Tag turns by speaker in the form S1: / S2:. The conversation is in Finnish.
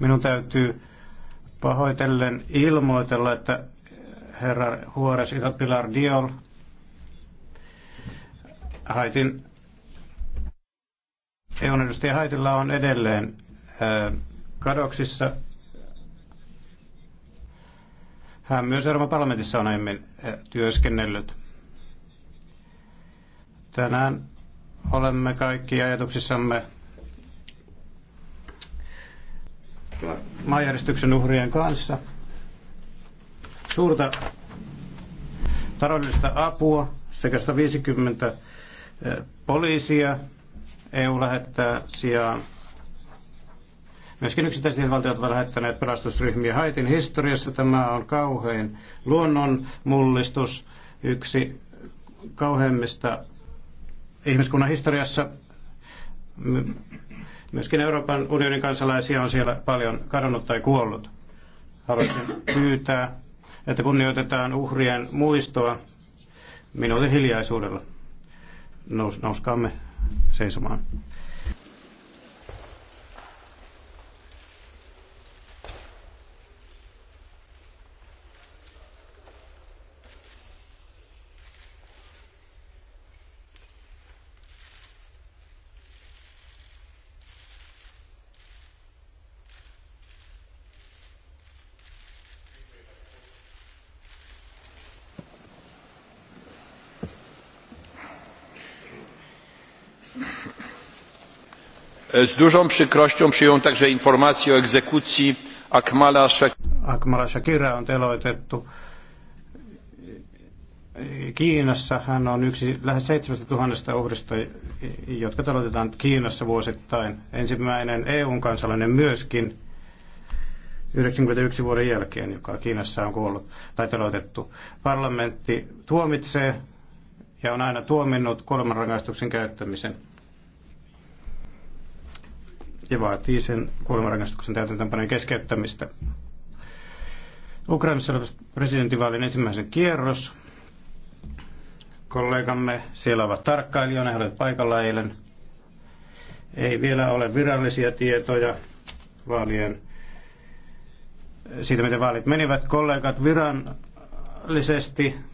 S1: Minun täytyy pahoitellen ilmoitella, että eh, herra Juarez Pilar Diol Haitin EUn edustaja Haitilla on edelleen eh, kadoksissa. Hän myös Euroopan parlamentissa on aiemmin eh, työskennellyt. Tänään olemme kaikki ajatuksissamme maanjäristyksen uhrien kanssa suurta taloudellista apua sekä 150 eh, poliisia. EU lähettää sijaan Myöskin yksittäiset valtiot ovat lähettäneet pelastusryhmiä Haitin historiassa. Tämä on kauhein luonnonmullistus, yksi kauheimmista ihmiskunnan historiassa Myöskin Euroopan unionin kansalaisia on siellä paljon kadonnut tai kuollut. Haluaisin pyytää, että kunnioitetaan uhrien muistoa minuutin hiljaisuudella. Nous, nouskaamme seisomaan.
S2: Z dużą przykrością przyjąłem także informację o egzekucji Akmala
S1: Akmala Shakira on teloitettu. Kiinassa hän on yksi lähes 7000 uhrista, jotka teloitetaan Kiinassa vuosittain. Ensimmäinen EU-kansalainen myöskin 91 vuoden jälkeen, joka Kiinassa on kuollut tai teloitettu. Parlamentti tuomitsee ja on aina tuominnut rangaistuksen käyttämisen ja vaatii sen kuolemanrangaistuksen täytäntöönpanojen keskeyttämistä. Ukrainassa oleva presidentinvaalin ensimmäisen kierros. Kollegamme siellä ovat tarkkailijoina, he olivat paikalla eilen. Ei vielä ole virallisia tietoja vaalien siitä, miten vaalit menivät. Kollegat virallisesti